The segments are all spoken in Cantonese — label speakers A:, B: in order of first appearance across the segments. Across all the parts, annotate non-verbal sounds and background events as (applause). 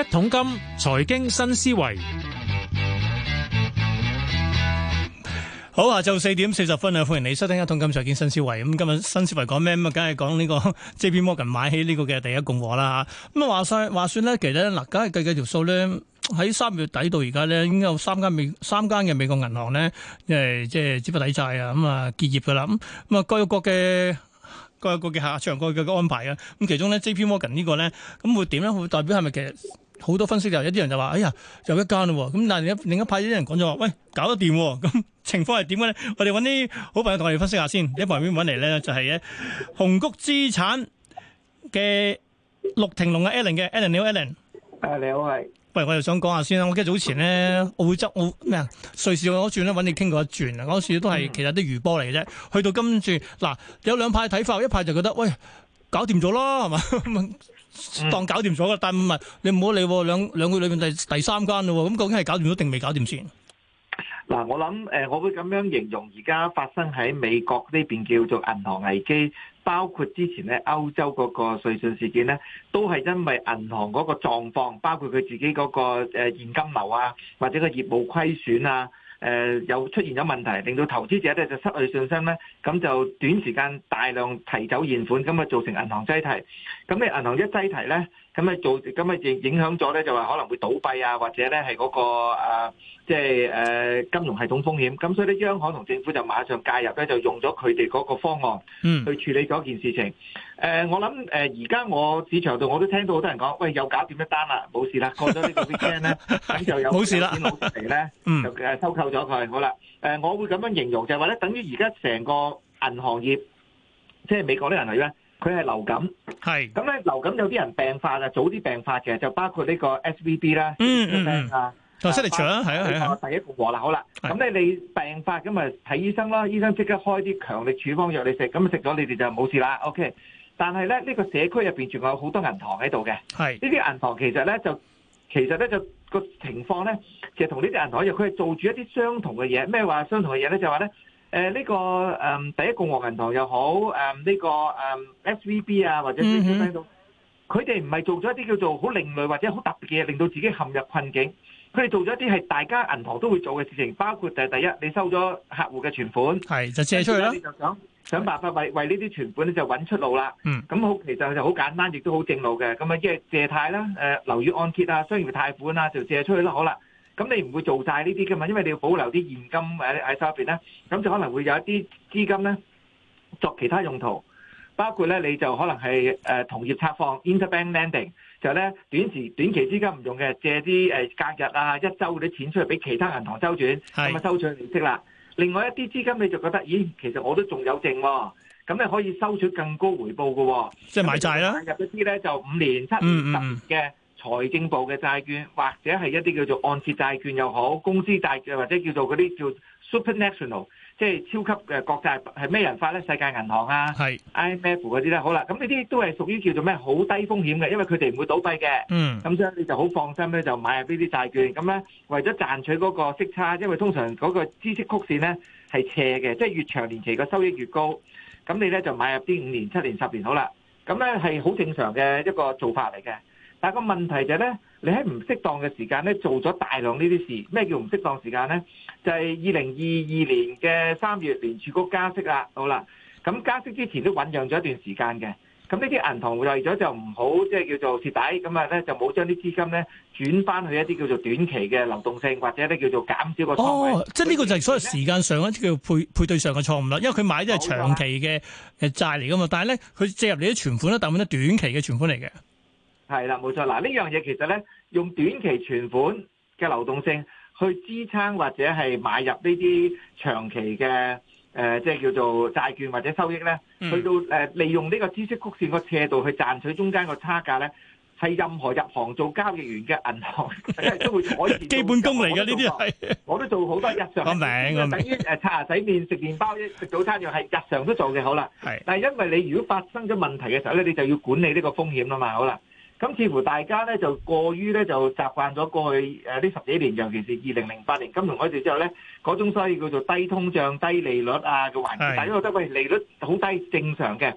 A: 一桶金財經新思維，好，下晝四點四十分啊！歡迎你收聽一桶金財經新思維。咁今日新思維講咩？咁啊，梗係講呢個 JP Morgan 買起呢個嘅第一共和啦。咁啊，話說話說咧，其實嗱，梗係計計條數咧，喺三月底到而家咧，應該有三間美三間嘅美國銀行咧，即係即係資不抵債啊，咁啊結業噶啦。咁咁啊，各有各嘅各有各嘅下場，各有各嘅安排啊。咁其中咧，JP Morgan 呢個咧，咁會點咧？會代表係咪其實？好多分析就有啲人就話：哎呀，又一間咯喎！咁但係另，另一派啲人講咗話：喂，搞得掂喎！咁、嗯、情況係點嘅咧？我哋揾啲好朋友同我哋分析下先。一旁邊揾嚟咧，就係咧紅谷資產嘅陸庭龍嘅 Allen 嘅，Allen 你好，Allen。誒、啊，你好，係、啊。喂，我又想講下先啦。我記得早前咧，澳洲、澳咩啊瑞士嗰轉咧揾你傾過一轉啊，嗰時都係、嗯、其實啲餘波嚟嘅啫。去到今住嗱有兩派睇法，一派就覺得喂，搞掂咗咯，係嘛？ (laughs) 當搞掂咗啦，但唔係你唔好理兩兩個月裏面第第三間咯，咁究竟係搞掂咗定未搞掂先？
B: 嗱、嗯，我諗誒，我會咁樣形容而家發生喺美國呢邊叫做銀行危機，包括之前咧歐洲嗰個瑞信事件咧，都係因為銀行嗰個狀況，包括佢自己嗰個誒現金流啊，或者個業務虧損啊。誒又出現咗問題，令到投資者咧就失去信心咧，咁就短時間大量提走現款，咁啊造成銀行擠提，咁你銀行一擠提咧。咁咪做，咁咪影影響咗咧，就話可能會倒閉啊，或者咧係嗰個誒，即係誒金融系統風險。咁所以咧，央行同政府就馬上介入咧，就用咗佢哋嗰個方案，嗯，去處理咗件事情。誒，我諗誒，而家我市場度我都聽到好多人講，喂，又搞掂一單啦，冇事啦，過咗呢個 billion 咧，咁就有錢攞出嚟咧，嗯，就誒收購咗佢，好啦。誒，我會咁樣形容就係話咧，等於而家成個銀行業，即係美國啲人嚟咧。佢係流感，係咁咧。流感有啲人病發嘅，早啲病發嘅就包括呢個 SVB 啦，嗯嗯，同
A: Surgical 係
B: 啊係啊，括嗯、第一個啦，好啦，咁你的、嗯、你病發咁啊睇醫生啦，醫生即刻開啲強力處方藥你食，咁食咗你哋就冇事啦，OK。但係咧，呢、這個社區入邊仲有好多銀行喺度嘅，係呢啲銀行其實咧就其實咧就個情況咧，其實同呢啲銀行一樣，佢係做住一啲相同嘅嘢，咩話相同嘅嘢咧？就話、是、咧。誒，呢、呃這個誒、嗯，第一共和銀行又好，誒、嗯，呢、這個誒、嗯，S V B 啊，或者匯豐，佢哋唔係做咗一啲叫做好另類或者好特別嘅嘢，令到自己陷入困境。佢哋做咗一啲係大家銀行都會做嘅事情，包括就係第一，你收咗客戶嘅存款，係就借出去啦。你就想是想辦法為為呢啲存款咧就揾出路啦。咁好、嗯，其實就好簡單，亦都好正路嘅。咁啊，即係借貸啦，誒，樓宇按揭啊，商業貸款啊，就借出去啦，好啦。咁你唔會做晒呢啲噶嘛？因為你要保留啲現金喺喺手入邊咧，咁就可能會有一啲資金咧作其他用途，包括咧你就可能係誒同業拆放、interbank lending，就咧短時短期資金唔用嘅，借啲誒隔日啊、一週啲錢出嚟俾其他銀行週轉，咁啊收取利息啦。另外一啲資金你就覺得，咦，其實我都仲有剩，咁你可以收取更高回報嘅，即係買債啦，入一啲咧就五年、七年、十年嘅、嗯。財政部嘅債券，或者係一啲叫做按揭債券又好，公司債券或者叫做嗰啲叫 supernational，即係超級嘅國債係咩人發咧？世界銀行啊，係 IMF 嗰啲咧，好啦，咁呢啲都係屬於叫做咩好低風險嘅，因為佢哋唔會倒閉嘅。嗯，咁所以你就好放心咧，就買入呢啲債券。咁咧，為咗賺取嗰個息差，因為通常嗰個知識曲線咧係斜嘅，即係越長年期個收益越高。咁你咧就買入啲五年、七年、十年好啦。咁咧係好正常嘅一個做法嚟嘅。但個問題就係咧，你喺唔適當嘅時間咧做咗大量呢啲事。咩叫唔適當時間咧？就係二零二二年嘅三月，聯儲局加息啦。好啦，咁加息之前都醖釀咗一段時間嘅。咁呢啲銀行為咗就唔好即係叫做蝕底，咁啊咧就冇將啲資金咧轉翻去一啲叫做短期嘅流動性，或者咧叫做減少個錯位。哦，即係呢個就係
A: 所謂時間上一啲叫配配對上嘅錯誤啦。因為佢買都係長期嘅誒債嚟㗎嘛，的但係咧佢借入你啲存款咧，大部分短期嘅存款嚟嘅。
B: 係啦，冇錯嗱，呢樣嘢其實咧，用短期存款嘅流動性去支撐或者係買入呢啲長期嘅誒，即係叫做債券或者收益咧，去到誒利用呢個知識曲線個斜度去賺取中間個差價咧，係任何入行做交易員嘅銀行，都會改變基本功嚟嘅呢啲，我都做好多日常。個名啊，等於誒刷牙洗面食麵包食早餐，又係日常都做嘅，好啦。係，但係因為你如果發生咗問題嘅時候咧，你就要管理呢個風險吖嘛，好啦。咁似乎大家咧就過於咧就習慣咗過去誒呢十幾年，尤其是二零零八年金融危機之後咧，嗰種所以叫做低通脹、低利率啊嘅環境，是大家覺得喂利率好低，正常嘅，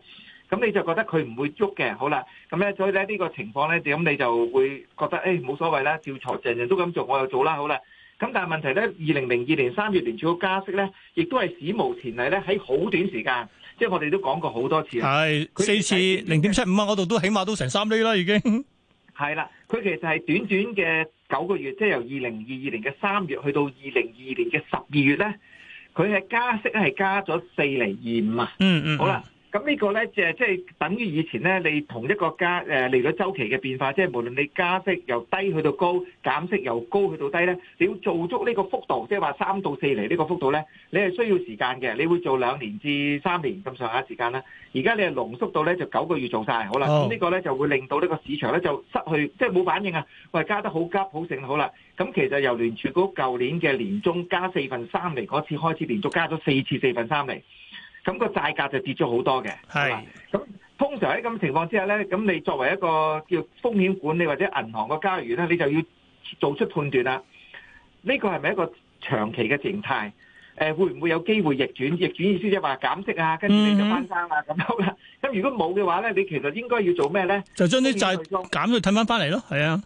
B: 咁你就覺得佢唔會喐嘅，好啦，咁咧，所以咧呢、呢個情況咧，咁你就會覺得誒冇、欸、所謂啦，照坐，人人都咁做，我又做啦，好啦，咁但係問題咧，二零零二年三月聯儲會加息咧，亦都係史無前例咧，喺好短時間。即係我哋都講過好多次，係四是次
A: 零點七五啊，嗰度都起碼都成三厘啦，已經
B: 係啦。佢 (laughs) 其實係短短嘅九個月，即係由二零二二年嘅三月去到二零二二年嘅十二月咧，佢係加息咧係加咗四厘二五啊。嗯了嗯，好啦。咁呢個呢，即係即係等於以前呢，你同一個加誒利率周期嘅變化，即係無論你加息由低去到高，減息由高去到低呢，你要做足呢個幅度，即係話三到四厘呢個幅度呢，你係需要時間嘅，你會做兩年至三年咁上下時間啦。而家你係濃縮到呢，就九個月做晒好啦。oh. 咁呢個呢，就會令到呢個市場呢，就失去即係冇反應啊！喂、哎，加得急醒好急好盛好啦。咁其實由聯儲局舊年嘅年中加四分三厘，嗰次開始，連續加咗四次四分三厘。咁個債價就跌咗好多嘅，係咁，通常喺咁嘅情況之下咧，咁你作為一個叫風險管理或者銀行個交易員咧，你就要做出判斷啦。呢個係咪一個長期嘅情態？誒，會唔會有機會逆轉？逆轉意思即係話減息啊，跟住你就翻生啊咁樣啦。咁如果冇嘅話咧，你其實應該要做咩咧？就將啲債
A: 減去褪翻翻嚟咯，係啊，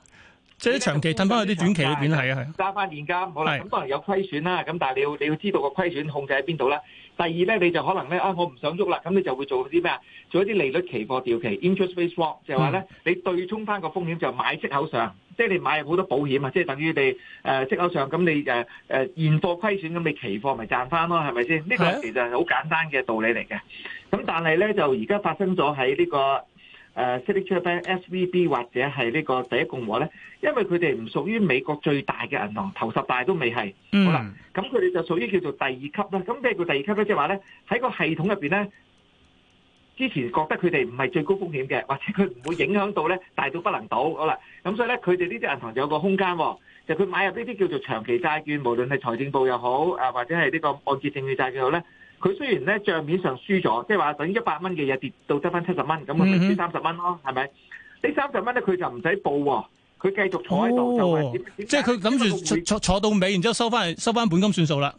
A: 即係長期褪翻去啲短期裏邊啦，係啊係。
B: 揸翻現金，好啦，咁可能有虧損啦，咁但係你要你要知道個虧損控制喺邊度啦。第二咧，你就可能咧啊，我唔想喐啦，咁你就會做啲咩啊？做一啲利率期貨掉期 （interest rate swap），就係話咧，你對沖翻個風險就買息口上，即係你買好多保險啊，即係等於你誒、呃、息口上，咁你誒誒、呃、現貨虧損，咁你期貨咪賺翻咯，係咪先？呢 (noise) 個其實係好簡單嘅道理嚟嘅。咁但係咧，就而家發生咗喺呢個。誒 Citigroup、S V B 或者係呢個第一共和咧，因為佢哋唔屬於美國最大嘅銀行，頭十大都未係。好啦，咁佢哋就屬於叫做第二級啦。咁咩叫第二級咧？即係話咧喺個系統入邊咧，之前覺得佢哋唔係最高風險嘅，或者佢唔會影響到咧大到不能倒。好啦，咁所以咧佢哋呢啲銀行就有個空間、哦，就佢買入呢啲叫做長期債券，無論係財政部又好，啊或者係呢個按揭證券債券好咧。佢雖然咧帳面上輸咗，即係話等於一百蚊嘅嘢跌到得翻七十蚊，咁咪輸三十蚊咯，係咪？呢三十蚊咧佢就唔使報喎，佢繼
A: 續坐喺度，哦、就即係佢諗住坐坐，坐到尾，然之後收翻收翻本金算數啦。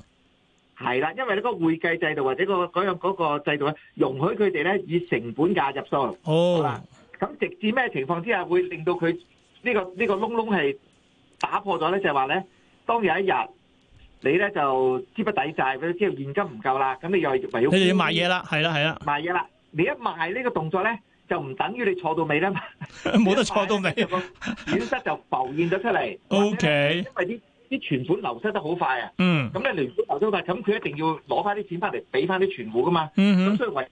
B: 係啦，因為呢個會計制度或者、嗰個嗰樣、嗰個制度咧，容許佢哋咧以成本價入數。哦，咁直至咩情況之下會令到佢呢、呢個呢、呢個窿窿係打破咗咧？就係話咧，當有一日。你咧就資不抵債，佢即係現金唔夠啦，咁你又唯有你就要賣嘢啦，係啦係啦，賣嘢啦！你一賣呢個動作咧，就唔等於你錯到尾啦嘛，冇得錯到尾，損失就浮現咗出嚟。OK，因為啲啲存款流失得好快啊，嗯，咁咧連本流咗快，咁佢一定要攞翻啲錢翻嚟俾翻啲存款噶嘛，嗯哼，咁所以唯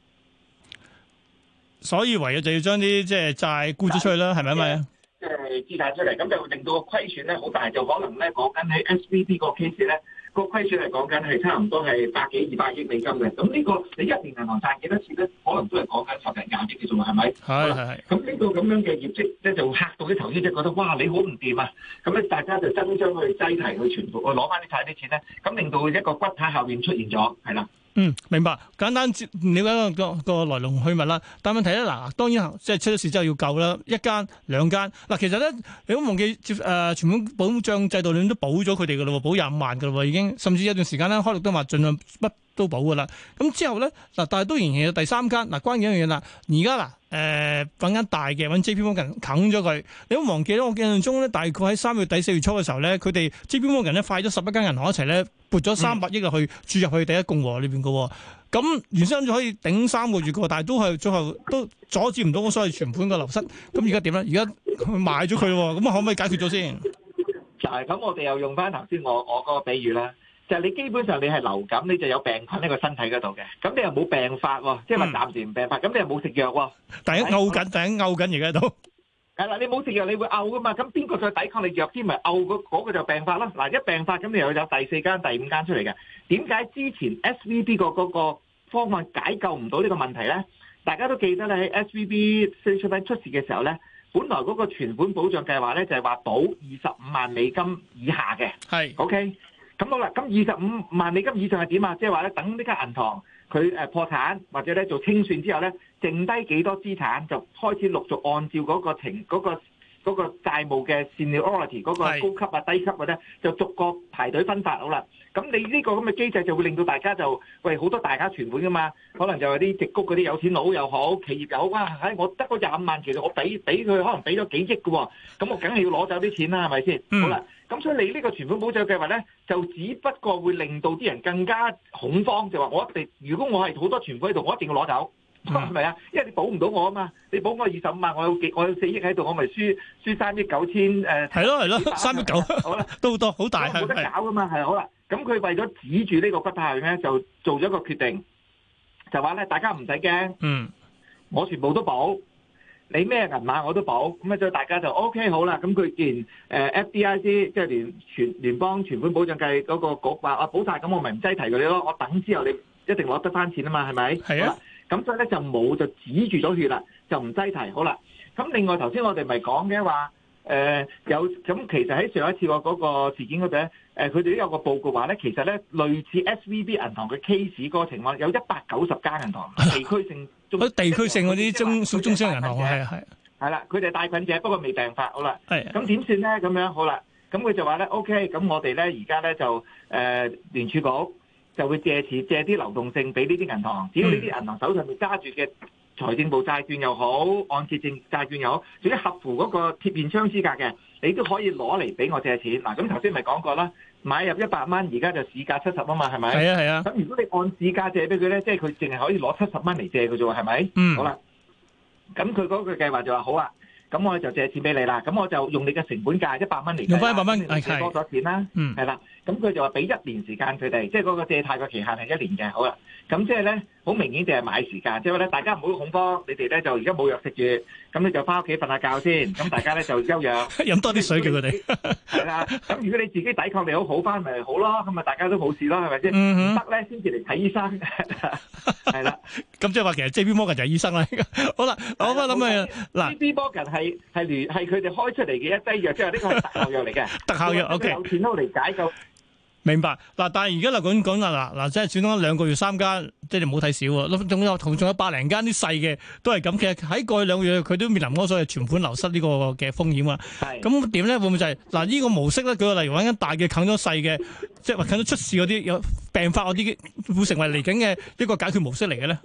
A: 所以唯有就要將啲即係債沽咗出去啦，係咪啊？即係資產出嚟，咁就令到個虧損
B: 咧好大，就可能咧講緊喺 SVB 個 case 咧。個虧損係講緊係差唔多係百幾二百億美金嘅，咁呢個你一年銀行賺幾多錢咧？可能都係講緊十零廿億之數，係咪？係係係。咁呢個咁樣嘅業績咧，就嚇到啲投資者覺得哇，你好唔掂啊！咁咧，大家就爭相去擠提去全部，去攞翻啲曬啲錢咧，咁令到一個骨牌後面出現咗，係啦。
A: 嗯，明白。簡單了解個個來龍去脈啦。但問題咧，嗱，當然即係出咗事之後要救啦，一間兩間。嗱，其實咧，你都忘記接誒，呃，存款保障制度咧都保咗佢哋嘅啦，保廿五萬嘅啦，已經。甚至有段時間咧，開綠燈話盡量不。都保噶啦，咁之後咧嗱，但係都仍然有第三間嗱，關鍵、呃、一樣嘢啦。而家嗱，誒揾間大嘅揾 JPMorgan 啃咗佢。你都忘記咗我印象中咧，大概喺三月底四月初嘅時候咧，佢哋 JPMorgan 咧快咗十一間銀行一齊咧撥咗三百億入去注入去第一共和裏邊嘅。咁、嗯、原先可以頂三個月嘅，但係都係最後都阻止唔到我所謂存款嘅流失。咁而家點咧？而家佢賣咗佢，咁可唔可以解決咗先？就
B: 係咁，我哋又用翻頭先我我嗰個比喻啦。就係你基本上你係流感，你就有病菌喺個身體嗰度嘅。咁你又冇病發喎、哦，即係話暫時唔病發。咁、嗯、你又冇食藥喎，第一嘔緊，第一嘔緊而家都係啦。你冇食藥，你會嘔㗎嘛？咁邊個再抵抗你藥先？咪嘔嗰個就病發啦。嗱，一病發咁，你又有第四間、第五間出嚟嘅。點解之前 S V B 個嗰個方案解救唔到呢個問題咧？大家都記得咧，喺 S V B 新出品出事嘅時候咧，本來嗰個存款保障計劃咧就係話保二十五萬美金以下嘅。係是，OK。咁好啦，咁二十五萬美金以上係點啊？即係話咧，等呢間銀行佢誒破產或者咧做清算之後咧，剩低幾多資產就開始陸續按照嗰個程嗰個。嗰個債務嘅 seniority 嗰個高級啊低級嘅、啊、咧，就逐個排隊分發好啦。咁你呢個咁嘅機制就會令到大家就，喂，好多大家存款噶嘛，可能就係啲直谷嗰啲有錢佬又好，企業又好啊，我得嗰廿萬，其實我俾俾佢可能俾咗幾億嘅喎、哦，咁我梗係要攞走啲錢啦，係咪先？嗯、好啦，咁所以你呢個存款保障計劃咧，就只不過會令到啲人更加恐慌，就話我一定，如果我係好多存款喺度，我一定要攞走。係咪啊？因為你保唔到我啊嘛，你保我二十五萬，我有幾我有四億喺度，我咪輸輸三億九千誒？係咯係咯，三億九。好啦，都好多好大。冇得搞噶嘛，係好啦。咁佢為咗止住呢個骨牌後面咧，就做咗一個決定，就話咧，大家唔使驚。嗯，我全部都保，你咩銀碼我都保。咁啊，就大家就 O K 好啦。咁佢既然誒 F D I C 即係聯全聯邦存款保障計嗰個局話我保曬，咁我咪唔擠提佢哋咯。我等之後你一定攞得翻錢啊嘛，係咪？係啊。咁所以咧就冇就止住咗血啦，就唔擠提好啦。咁另外頭先我哋咪講嘅話，誒、呃、有咁其實喺上一次個嗰個事件嗰度咧，誒佢哋都有個報告話咧，其實咧類似 S V B 銀行嘅 case 嗰個情況，有一百九十間銀行地區性， (laughs) 地區性嗰啲
A: 中中小銀行，係係
B: 係啦，佢哋帶菌者，不過未病發，好啦，係咁點算咧？咁樣好啦，咁佢就話咧，OK，咁我哋咧而家咧就誒聯儲局。呃呃呃連連就會借錢借啲流動性俾呢啲銀行，只要呢啲銀行手上面揸住嘅財政部債券又好，按揭證債券又好，仲要合乎嗰個貼現窗資格嘅，你都可以攞嚟俾我借錢。嗱、啊，咁頭先咪講過啦，買入一百蚊，而家就市價七十啊嘛，係咪？係啊係啊。咁、啊、如果你按市價借俾佢咧，即係佢淨係可以攞七十蚊嚟借嘅啫喎，係咪？嗯。好啦，咁佢嗰個計劃就話好啊，咁我就借錢俾你啦，咁我就用你嘅成本價一百蚊嚟。用翻一百蚊，多咗錢啦。嗯。係啦、嗯。是咁佢就話俾一年時間佢哋，即係嗰個借貸嘅期限係一年嘅。好啦，咁、嗯、即係咧，好明顯就係買時間，即係話咧，大家唔好恐慌。你哋咧就而家冇藥食住，咁你就翻屋企瞓下覺先。咁大家咧就休養，
A: 飲多啲水叫佢哋。
B: 係啦，咁如果你自己抵抗力好好翻，咪、就是、好咯。咁啊，大家都冇事咯，係咪先？唔得咧，先至嚟睇醫生。係啦，
A: 咁即係話其實 JP Morgan 就係醫生啦。
B: 好啦，我咁啊、嗯，嗱，JP Morgan 係佢哋開出嚟嘅一劑藥，即係呢個係特效藥嚟嘅。特效藥、okay. 有錢都嚟解救。
A: 明白嗱，但係而家樓盤講啊嗱嗱，即係轉咗兩個月三間，即係你唔好睇少喎。咁仲有同仲有百零間啲細嘅都係咁。其實喺過去兩個月佢都面臨嗰所謂存款流失呢個嘅風險啊。咁點咧會唔會就係嗱呢個模式咧？舉個例如揾緊大嘅啃咗細嘅，即係話啃咗出事嗰啲有病發嗰啲會成為嚟緊嘅一個解決模式嚟嘅咧？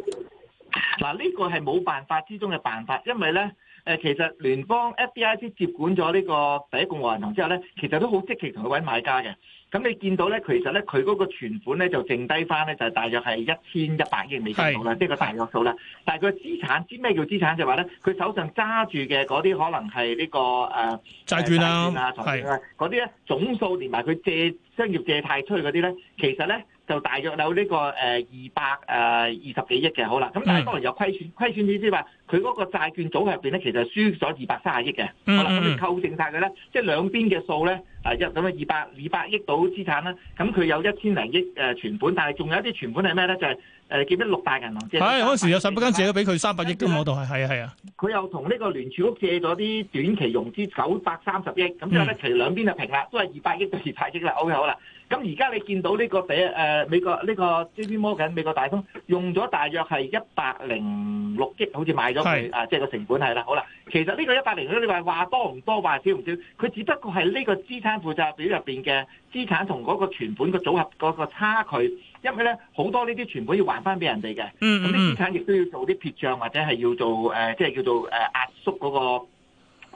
B: 嗱呢個係冇辦法之中嘅辦法，因為咧。誒其實聯邦 FDIC 接管咗呢個第一共和銀行之後咧，其實都好積極同佢揾買家嘅。咁你見到咧，其實咧佢嗰個存款咧就剩低翻咧，就係大約係一千一百億美金到啦，是即係個大約數啦。但係佢資產，知咩叫資產就話咧，佢手上揸住嘅嗰啲可能係呢、這個誒、呃、債券啦、啊，係嗰啲咧總數連埋佢借商業借貸出去嗰啲咧，其實咧，就大約有呢、這個誒、呃、二百誒、呃、二十幾億嘅，好啦。咁但係當然有虧損，虧損意思係話佢嗰個債券組入邊咧，其實輸咗二百三十億嘅。嗯嗯嗯好啦，咁你購正晒佢咧，即係兩邊嘅數咧，啊一咁啊二百二百億到資產啦。咁佢有、呃、有一千零億誒存款，但係仲有啲存款係咩咧？就係誒記得六大銀行借。係
A: 嗰時有十幾間借咗俾佢三百億嘅喎，都係
B: 係啊係啊。佢又同呢個聯儲屋借咗啲短期融資九百三十億。咁之後咧，其實兩邊就平啦，都係二百億到二百億啦。O K，好啦。咁而家你見到呢、這個第誒、呃、美國呢、這個 JPMorgan 美國大通用咗大約係一百零六億，好似買咗佢啊，即係個成本係啦，好啦。其實呢個一百零六億，你話話多唔多，話少唔少，佢只不過係呢個資產負債表入邊嘅資產同嗰個存款個組合嗰、那個差距，因為咧好多呢啲存款要還翻俾人哋嘅，咁啲資產亦都要做啲撇賬或者係要做誒、呃，即係叫做誒、呃、壓縮嗰個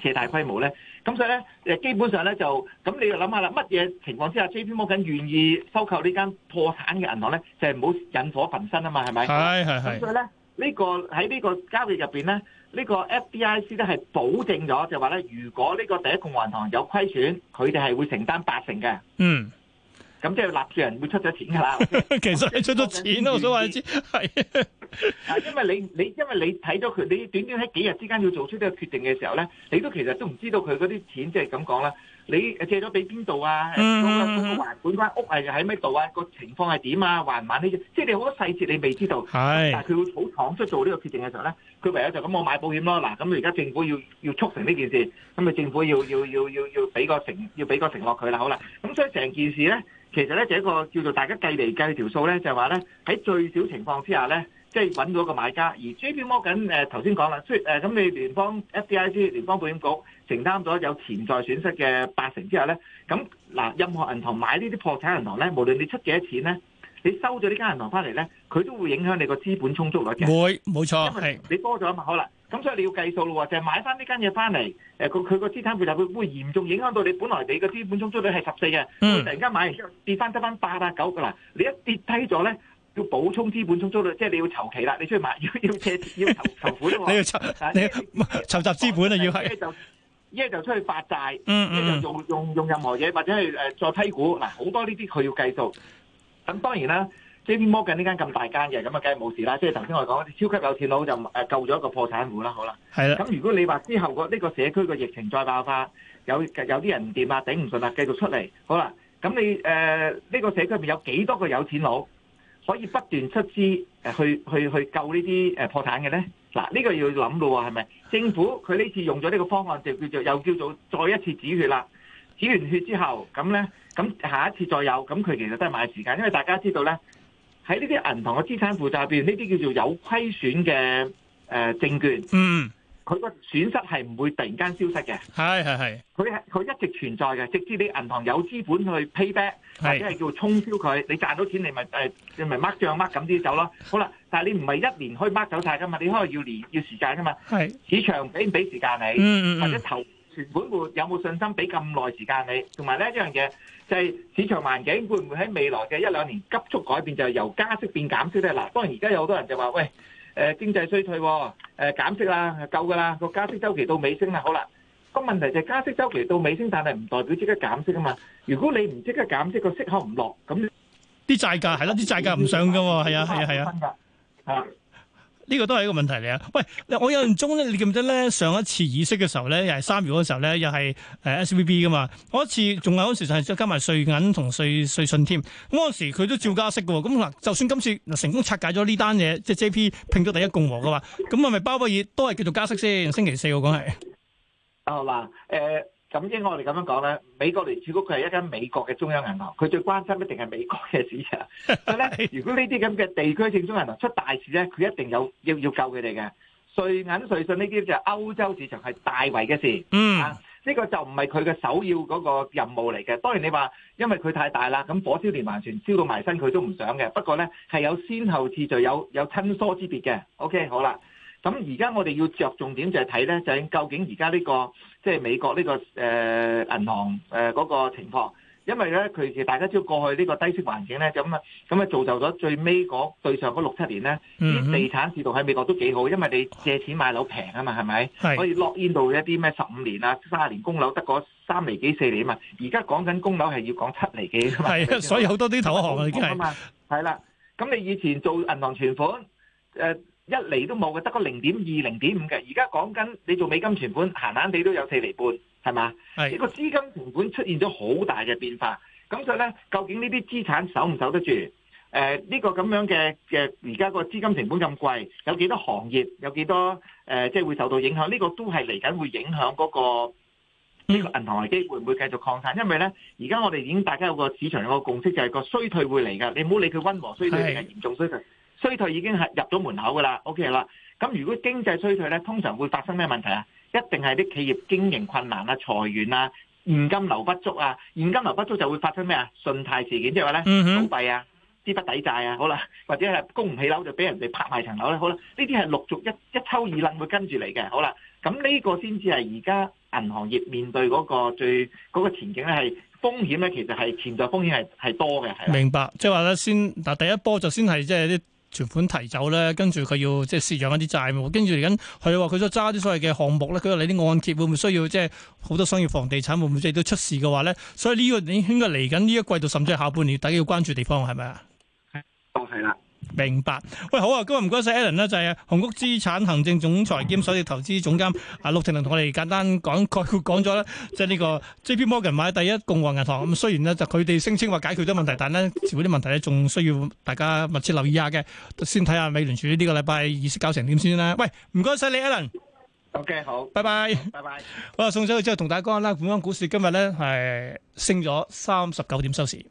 B: 借貸規模咧。咁所以咧，誒基本上咧就，咁你又諗下啦，乜嘢情況之下 J P 摩根願意收購呢間破產嘅銀行咧？就係唔好引火焚身啊嘛，係咪？係係係。咁所以咧，呢個喺呢個交易入邊咧，呢個 F D I C 咧係保證咗，就話咧，如果呢個第一共和銀行有虧損，佢哋係會承擔八成嘅。嗯。咁即係納稅人會出咗錢噶啦，其實你出咗錢咯，我想話知係，啊，因為你你因為你睇咗佢，你短短喺幾日之間要做出呢個決定嘅時候咧，你都其實都唔知道佢嗰啲錢，即係咁講啦，你借咗俾邊度啊？嗯嗯嗯，還款間屋係喺咩度啊？個情況係點啊？啊、還唔還呢？即係你好多細節你未知道，係，但係佢會好倉促做呢個決定嘅時候咧，佢唯有就咁我買保險咯。嗱，咁而家政府要要促成呢件事，咁啊政府要要要要要俾個承要俾個承諾佢啦，好啦，咁所以成件事咧。其實咧，就一個叫做大家計嚟計條數咧，就係話咧喺最少情況之下咧，即係揾到一個買家，而 JP Morgan 誒頭先講啦，即誒咁你聯邦 F D I C 聯邦保險局承擔咗有潛在損失嘅八成之下咧，咁嗱，任何銀行買呢啲破產銀行咧，無論你出幾多錢咧，你收咗呢間銀行翻嚟咧，佢都會影響你個資本充足率嘅。會，冇錯，因為你多咗咪好啦。咁所以你要計數咯，就係買翻呢間嘢翻嚟，誒、嗯，佢佢個資產負債佢會嚴重影響到你本來你個資本充足率係十四嘅，佢突然間買跌翻得翻八啊九噶啦，你一跌低咗咧，要補充資本充足率，即係你要籌期啦，你出去買要要借要籌籌款，你要
A: 籌集資本啊，要係，
B: 一就一就出去發債，一就、嗯、用用用,用任何嘢或者係誒做批股，嗱好多呢啲佢要計數，咁當然啦。即係摩根呢間咁大間嘅，咁啊梗係冇事啦。即係頭先我講，超級有錢佬就誒救咗一個破產戶啦，好啦。係啦的。咁如果你話之後個呢個社區個疫情再爆發，有有啲人唔掂啊，頂唔順啊，繼續出嚟，好啦。咁你誒呢、呃呢個社區入邊有幾多個有錢佬可以不斷出資誒去去去，去救呢啲誒破產嘅咧？嗱，呢、呢個要諗咯喎，係咪？政府佢呢次用咗呢個方案，就叫做又叫做再一次止血啦。止完血之後，咁咧，咁下一次再有，咁佢其實都係買時間，因為大家知道咧。喺呢啲銀行嘅資產負債入邊，呢啲叫做有虧損嘅誒、呃、證券，嗯，佢個損失係唔會突然間消失嘅，係係係，佢係佢一直存在嘅，直至你銀行有資本去 pay back 或者係叫沖銷佢，你賺到錢你咪誒、呃，你咪 mark 帳 mark 咁先走咯，好啦，但係你唔係一年可以 mark 走晒噶嘛，你可以要年要時間啊嘛，係是市場俾唔俾時間你，嗯嗯嗯、或者投。存款戶有冇信心俾咁耐時間你？同埋呢一樣嘢就係市場環境會唔會喺未來嘅一兩年急速改變？就係由加息變減息咧。嗱，當然而家有好多人就話：喂，誒經濟衰退，誒減息啦，夠噶啦，個加息週期到尾聲啦。好啦，個問題就係加息週期到尾聲，但係唔代表即刻減息啊嘛。如果你唔即刻減息，個息口唔落，咁啲債價係咯，啲債
A: 價唔上㗎，係啊，係啊，係啊。呢個都係一個問題嚟啊！喂，我印象中咧，你記唔記得咧？上一次議息嘅時候咧，又係三月嗰時候咧，又係誒 S V B 噶嘛？嗰次仲有嗰時就係加埋瑞銀同瑞瑞信添。咁嗰陣時佢都照加息嘅喎。咁嗱，就算今次成功拆解咗呢單嘢，即係 J P 拼咗第一共和嘅話，咁係咪鮑威爾都係叫做加息先？星期四我講係
B: 啊嘛，誒。呃咁應該我哋咁樣講咧，美國聯儲局佢係一間美國嘅中央銀行，佢最關心一定係美國嘅市場。所以咧，如果呢啲咁嘅地區性中央銀行出大事咧，佢一定有要要救佢哋嘅。瑞銀、瑞信呢啲就係歐洲市場係大圍嘅事。嗯，呢、啊呢個就唔係佢嘅首要嗰個任務嚟嘅。當然你話因為佢太大啦，咁火燒連環船燒到埋身佢都唔想嘅。不過咧係有先後次序有，有有親疏之別嘅。OK，好啦。咁而家我哋要著重點就係睇咧，就係究竟而家呢個即係美國呢個誒銀行誒嗰個情況，因為咧佢嘅大家知道過去呢個低息環境咧就咁啊，咁啊造就咗最尾嗰對上嗰六七年咧，啲地產市道喺美國都幾好，因為你借錢買樓平啊嘛，係咪？係。可以 lock in 到一啲咩十五年啊、卅年供樓得嗰三釐幾四年啊嘛，而家講緊供樓係要講七釐幾啊嘛。係，所以好多啲投行啊，因為係啦，咁你以前做銀行存款誒。一厘都冇嘅，得個零點二、零點五嘅。而家講緊你做美金存款，閒閒地都有四厘半，係嘛？係一是、呃這個這、呃、資金成本出現咗好大嘅變化，咁所以咧，究竟呢啲資產守唔守得住？誒，呢個咁樣嘅嘅，而家個資金成本咁貴，有幾多行業有幾多誒、呃，即係會受到影響？呢、這個都係嚟緊會影響嗰、那個呢、這個銀行危機會唔會，會繼續擴散？因為咧，而家我哋已經大家有個市場有個共識，就係、是、個衰退會嚟嘅。你唔好理佢溫和衰退定係是嚴重衰退。衰退已經係入咗門口㗎啦，OK 啦。咁如果經濟衰退咧，通常會發生咩問題啊？一定係啲企業經營困難啊、裁員啊、現金流不足啊。現金流不足就會發生咩啊？信貸事件，即係話咧，倒閉、嗯、哼啊、資不抵債啊，好啦，或者係供唔起樓就俾人哋拍賣層樓咧，好啦。呢啲係陸續一一抽二楞會跟住嚟嘅，好啦。咁呢個先至係而家銀行業面對嗰個最嗰、嗰個前景咧，係風險咧，其實係潛在風險係係多嘅，係。
A: 明白，即係話咧，先嗱第一波就先係即係啲。存款提走咧，跟住佢要即係釋放一啲債務，跟住嚟緊佢話佢都揸啲所謂嘅項目咧，佢話你啲按揭會唔會需要即係好多商業房地產會唔會即係都出事嘅話咧？所以呢、這個你應該嚟緊呢一季度甚至下半年，大家要關注地方係咪啊？明白，喂，好啊，今日唔該晒 Alan 啦，就係紅屋資產行政總裁兼首席投資總監啊，陸庭龍同我哋簡單講概括講咗啦，就係呢個 JP Morgan 買第一共和銀行，咁雖然咧就佢哋聲稱話解決咗問題，但咧似乎啲問題咧仲需要大家密切留意下嘅，先睇下美聯儲呢個禮拜議息搞成點先啦。喂，唔該晒你，Alan。
B: O K，好，拜
A: 拜，拜拜。送走佢之後同大家講下啦，本港股市今日咧係升咗三十九點收市。